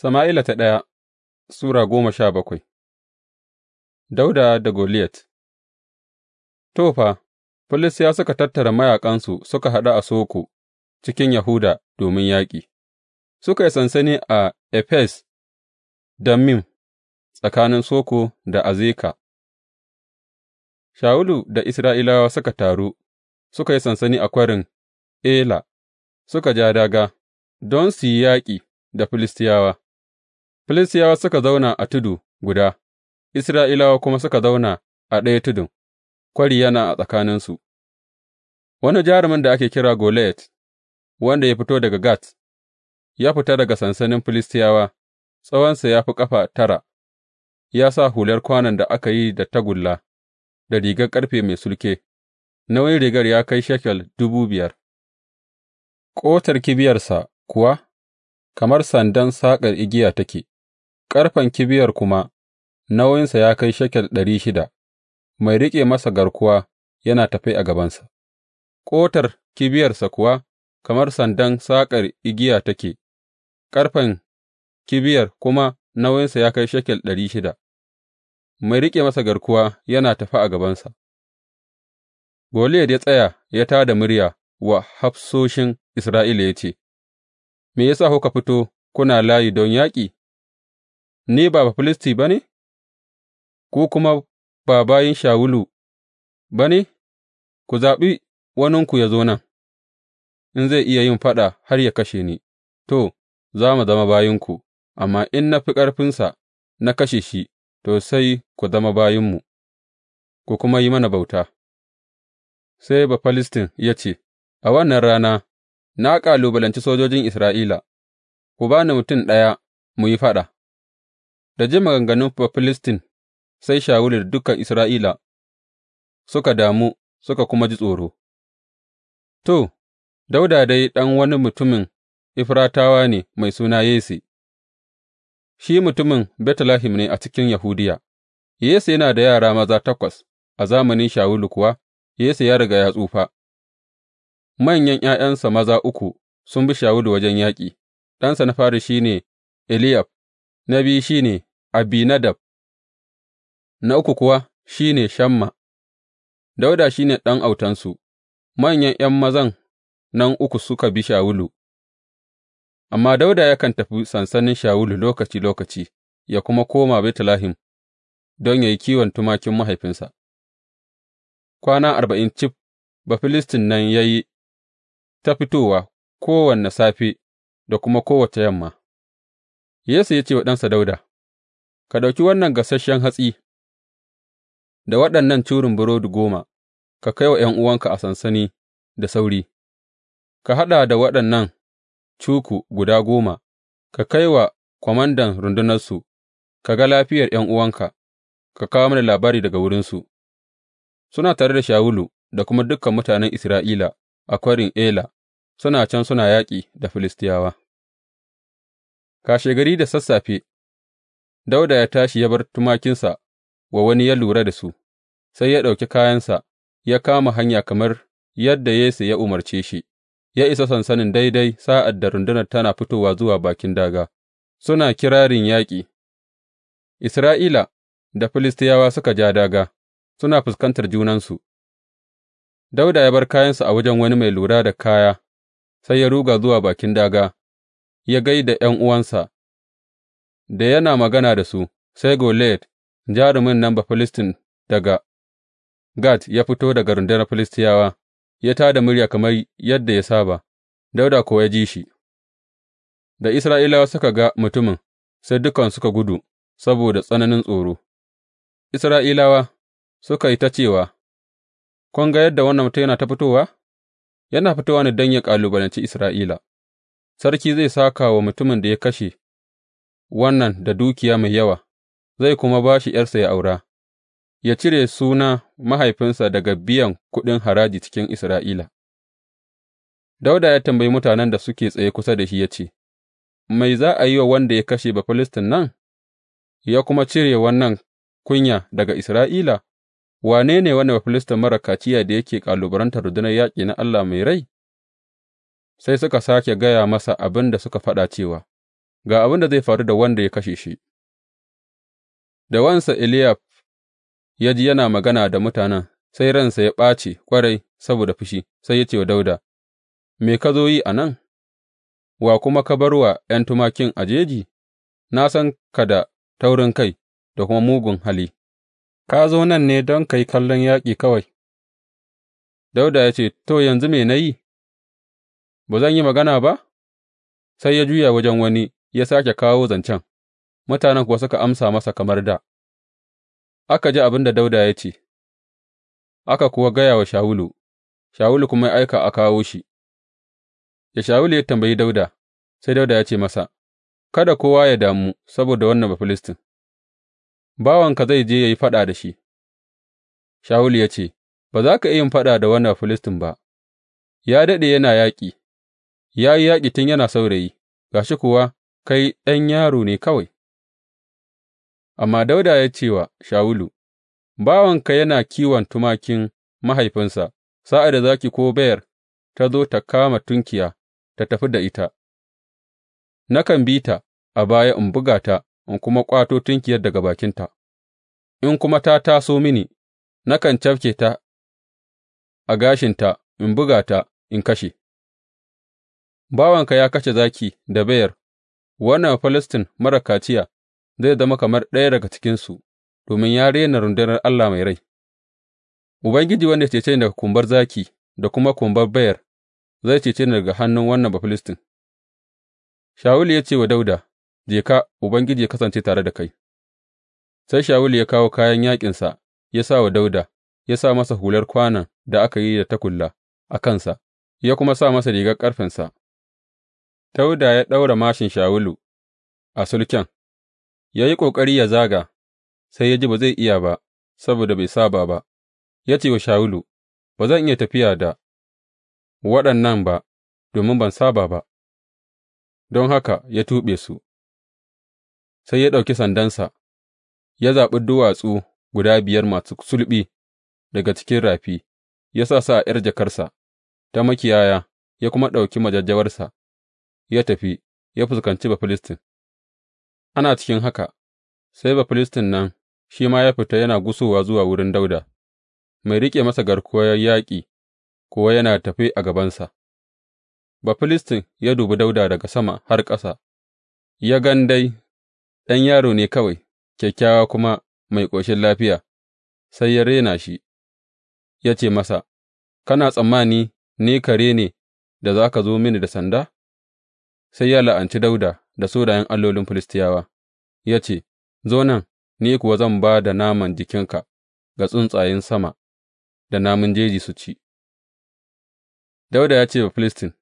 Sama'ila ta ɗaya Sura goma sha bakwai Dauda da Goliat. To, fa, Filistiyawa suka tattara mayaƙansu suka haɗu a Soko cikin Yahuda domin yaƙi, suka yi sansani a Efes Dammim tsakanin Soko da Azeka. Shawulu da Isra'ilawa suka taru suka yi sansani a kwarin Ela, suka ja daga don su yi yaƙi da Filistiyawa. Filistiyawa suka zauna a tudu guda, Isra'ilawa kuma suka zauna a ɗaya tudun, kwari yana a tsakaninsu. Wani jarumin da ake kira Goliyat, wanda ya fito daga Gat, ya fita daga sansanin Filistiyawa, tsawonsa ya fi ƙafa tara, ya sa hular kwanon da aka yi da tagulla, da rigar ƙarfe mai sulke, nauyin rigar ya kai shekel dubu biyar, ƙotar kibiyarsa kuwa kamar sandan saƙar igiya take. ƙarfen kibiyar kuma nauyinsa ya kai shekel ɗari shida, mai riƙe masa garkuwa yana tafe a gabansa, ƙotar kibiyarsa kuwa kamar sandan saƙar igiya take, ƙarfen kibiyar kuma nauyinsa ya kai shekel ɗari shida, mai riƙe masa garkuwa yana tafe a gabansa. Goliyat ya tsaya ya tā da murya wa hafsoshin Isra'ila ya ce, Me ya sa kuka fito kuna layi don yaƙi? Ni ba Bafilistin ba ne, ku kuma ba bayin Shawulu ba ne, ku zaɓi waninku ya zo nan, in zai iya yin faɗa har ya kashe ni, to, za mu zama bayinku, amma in na fi ƙarfinsa na kashe shi, to, sai ku zama bayinmu, ku kuma yi mana bauta. Sai Bafilistin ya ce, A wannan rana na ƙalubalanci sojojin Isra'ila, ku ba ni mutum ɗaya mu yi faɗa. Da jin maganganun Bafilistin, sai Shawulu da dukan Isra'ila suka damu suka kuma ji tsoro, To, Dauda dai ɗan wani mutumin Ifratawa ne mai suna Yesse, shi mutumin Betlehem ne a cikin Yahudiya, Yesse yana da yara maza takwas, a zamanin Shawulu kuwa Yesse ya riga ya tsufa, manyan ’ya'yansa maza uku sun bi Shawulu wajen yaƙi, ɗansa na fari shi ne Eliyab. na biyu shi ne Abinadab, na uku kuwa shi ne Shamma, Dauda shi ne ɗan autansu, manyan ’yan mazan nan uku suka bi Shawulu, amma Dauda yakan tafi sansanin Shawulu lokaci-lokaci ya kuma koma Betlehem don ya yi kiwon tumakin mahaifinsa. Kwana arba'in cif Bafilistin nan ya yi ta fitowa kowane safe da kuma kowace yamma. Yesse ya ce wa ɗansa Dawuda, Ka ɗauki wannan gasasshen hatsi da waɗannan curin burodi goma ka kai wa ’yan'uwanka a sansani da sauri, ka haɗa da waɗannan cuku guda goma ka kai wa kwamandan rundunarsu, ka ga lafiyar ’yan'uwanka, ka kawo mana labari daga wurinsu, suna tare da Shawulu da kuma dukan mutanen Isra'ila a Kwarin Ela, suna can suna yaƙi da Filistiyawa. Kashegari da sassafe, Dauda ya tashi ya bar tumakinsa wa wani ya lura da su, sai ya ɗauki kayansa ya kama hanya kamar yadda Yesse ya umarce shi, ya isa sansanin daidai sa'ad da rundunar tana fitowa zuwa bakin daga. suna kirarin yaƙi. Isra'ila da Filistiyawa suka ja daga. suna fuskantar junansu. Dauda ya bar kayansa a wajen wani mai lura da kaya, sai ya ruga zuwa bakin daga. ya gai da ’yan'uwansa, da yana magana da su, sai Goliyat, jarumin nan Bafilistin daga Gat ya fito daga rundunar Filistiyawa, ya tā da murya kamar yadda ya saba, Dawuda kuwa ya ji shi. Da Isra'ilawa suka ga mutumin, sai dukan suka gudu saboda tsananin tsoro. Isra'ilawa suka yi ta cewa, Kun ga yadda wannan mutum yana ta fitowa? Yana fitowa ne don yă ƙalubalanci Isra'ila. sarki zai sāka wa mutumin da ya kashe wannan da dukiya mai yawa, zai kuma ba shi ’yarsa ya aura, ya cire suna mahaifinsa daga biyan kuɗin haraji cikin Isra'ila. Dauda ya tambayi mutanen da suke tsaye kusa da shi ya ce, Mai za a yi wa wanda ya kashe Bafilistin nan, ya kuma cire wannan kunya daga Isra'ila, wane ne wannan Bafilistin mara kaciya da yake ƙalubarantar rundunar yaƙi na Allah mai rai? sai suka sāke gaya masa abin da suka faɗa cewa, Ga abin da zai faru da wanda ya kashe shi, da wansa Eliyab ya ji yana magana da mutanen, sai ransa ya ɓace ƙwarai saboda fushi, sai ya ce wa Dauda, Me ka zo yi a nan, wa kuma ka bar wa ’yan tumakin a jeji, na san ka da taurin kai da kuma mugun hali, ka zo nan ne don ka yi kallon yaƙi kawai. Dauda ya ce, To, yanzu me na yi? Ba zan yi magana ba? Sai ya juya wajen wani ya sake kawo zancen, mutanen kuwa suka amsa masa kamar da. aka ji abin da Dawuda ya ce, aka kuwa gaya wa Shawulu, Shawulu kuma ya aika a kawo shi, da Shawulu ya tambayi Dauda, sai Dauda ya ce masa, Kada kowa ya damu saboda wannan ba Filistin. bawanka zai je ya yi faɗa da shi. Shawulu ya ce, Ba za ka iya yin faɗa da wannan Filistin ba, ya daɗe yana yaƙi. ya yi yaƙi tun yana saurayi, ga shi kuwa kai ɗan yaro ne kawai. Amma Dauda ya ce wa Shawulu, Bawanka yana kiwon tumakin mahaifinsa, sa'ad da zaki ko bayar ta zo ta kama tunkiya ta tafi da ita, nakan bi ta a baya in buga ta in kuma ƙwato tunkiyar daga bakinta, in kuma ta taso mini, nakan cafke ta a gashinta in buga ta in kashe. Bawanka ya kashe zaki da bayar, wannan Bafilistin marar kaciya zai zama kamar ɗaya daga cikinsu, domin ya rena rundunar Allah mai rai, Ubangiji wanda ya cece ni daga kumbar zaki da kuma kumbar bayar, zai cece ni daga hannun wannan Bafilistin. Shawulu ya ce wa Dauda, Je ka, Ubangiji ya kasance tare da kai. Sai Shawulu ya kawo kayan yaƙinsa ya sa wa Dauda ya sa masa hular kwanon da aka yi da takulla a kansa, ya kuma sa masa rigar ƙarfensa. Dawuda ya ɗaura māshin Shawulu a sulken, ya yi ƙoƙari ya zaga, sai ya ji ba zai iya ba saboda bai saba ba, ya ce wa Shawulu, Ba zan iya tafiya da waɗannan ba, domin ban saba ba, don haka ya tuɓe su, sai ya ɗauki sandansa, ya zaɓi duwatsu guda biyar masu sulɓi daga cikin rafi, ya sa su a ’yar jakarsa ta makiyaya, ya kuma ɗauki majajjawarsa. ya tafi ya fuskanci Bafilistin, ana cikin haka, sai Bafilistin nan shi ma ya fita yana gusowa zuwa wurin Dauda. mai riƙe masa garkuwar yaƙi kuwa yana tafi a gabansa. Bafilistin ya dubi Dauda daga sama har ƙasa, ya gan dai ɗan yaro ne kawai, kyakkyawa kuma mai ƙoshin lafiya, sai ya rena shi, ya ce masa, Kana tsammani ni kare ne da za ka zo mini da sanda? sai ya la'anci Dawuda da sunayen allolin Filistiyawa, ya ce, Zo nan, ni kuwa zan ba da naman jikinka ga tsuntsayen sama da namun jeji su ci. Dawuda ya ce wa Filistin,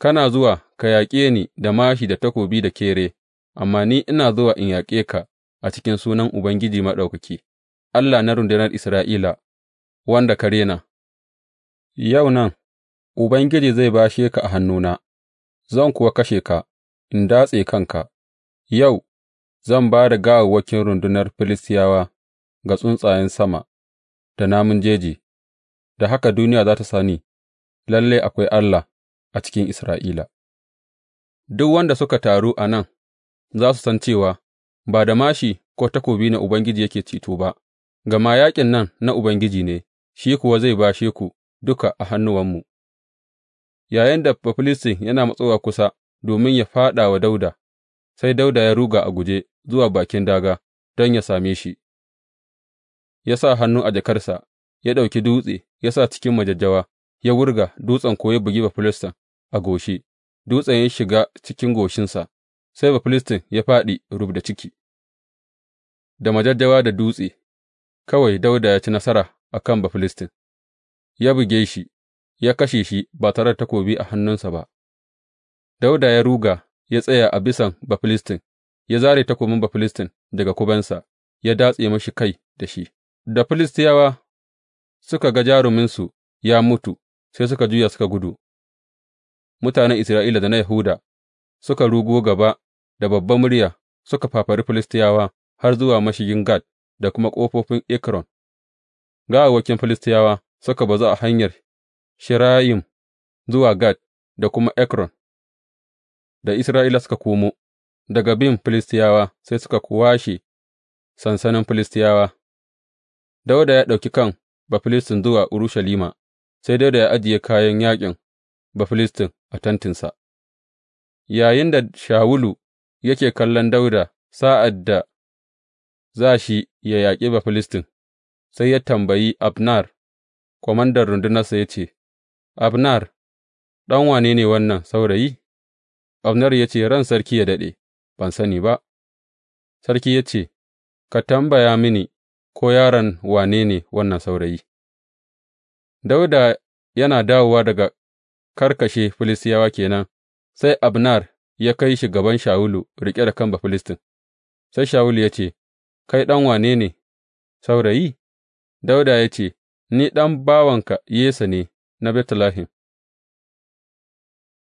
Kana zuwa ka yaƙe ni da mashi da takobi da kere, amma ni ina zuwa in yaƙe ka a cikin sunan Ubangiji Maɗaukaki, Allah na rundunar Isra'ila, wanda ka rena. Yau nan, Ubangiji zai bashe ka a hannuna. zan kuwa kashe ka in datse kanka, yau zan ba da gawawwakin rundunar Filistiyawa ga tsuntsayen sama da namun jeji, da haka duniya za ta sani lalle akwai Allah a cikin Isra'ila. Duk wanda suka taru a nan za su san cewa ba da mashi ko takobi na Ubangiji yake ceto ba, gama yaƙin nan na Ubangiji ne, shi kuwa zai bashe ku duka a hannuwanmu. Yayinda Bafilistin yana matsowa kusa domin ya fāɗa wa Dawuda, sai Dawuda ya ruga a guje zuwa bakin daga don ya same shi, ya sa hannu a jakarsa, ya ɗauki dutse ya sa cikin majajjawa, ya wurga, dutsen kuwa ya bugi Bafilistin a goshi, dutsen ya shiga cikin goshinsa, sai Bafilistin ya fāɗi rubda da ciki, da majajjawa da dutse, kawai Dawuda ya ci nasara a kan Bafilistin, ya buge shi. ya kashe shi ba tare da takobi a hannunsa ba, Dawuda ya ruga ya tsaya a bisan Bafilistin, ya zare takobin Bafilistin daga kubensa, ya datse mashi kai da shi. Da Filistiyawa suka ga jaruminsu ya mutu, sai suka juya suka gudu. Mutanen Isra'ila da na Yahuda suka rugo gaba da babban murya suka fafari Filistiyawa har zuwa mashigin Gad da kuma ƙofofin Ekron. Gawawwakin Filistiyawa suka bazu a hanyar Sha'arayim zuwa Gat da kuma Ekron, da Isra'ila suka komo daga bin Filistiyawa sai suka washe sansanin Filistiyawa, Dawuda ya ɗauki kan Bafilistin zuwa Urushalima, sai Dawuda ya ajiye kayan yaƙin Bafilistin a tentinsa, yayinda Shawulu yake kallon Dawuda sa'ad da za shi ya yaƙi Bafilistin, sai ya tambayi Abnar komandan rundunarsa ya ce. Abner, ɗan wane ne wannan saurayi? Abner ya ce, Ran sarki ya daɗe, ban sani ba. Sarki ya ce, Ka tambaya mini, ko yaron wane ne wannan saurayi? Dauda yana dawowa daga karkashe Filistiyawa kenan, sai Abner ya kai shi gaban Shawulu riƙe da kan Bafilistin. Sai Shawulu ya ce, Kai ɗan wane ne, saurayi? Dauda ya ce, Ni ɗan bawanka yesa ne. na Betlehem.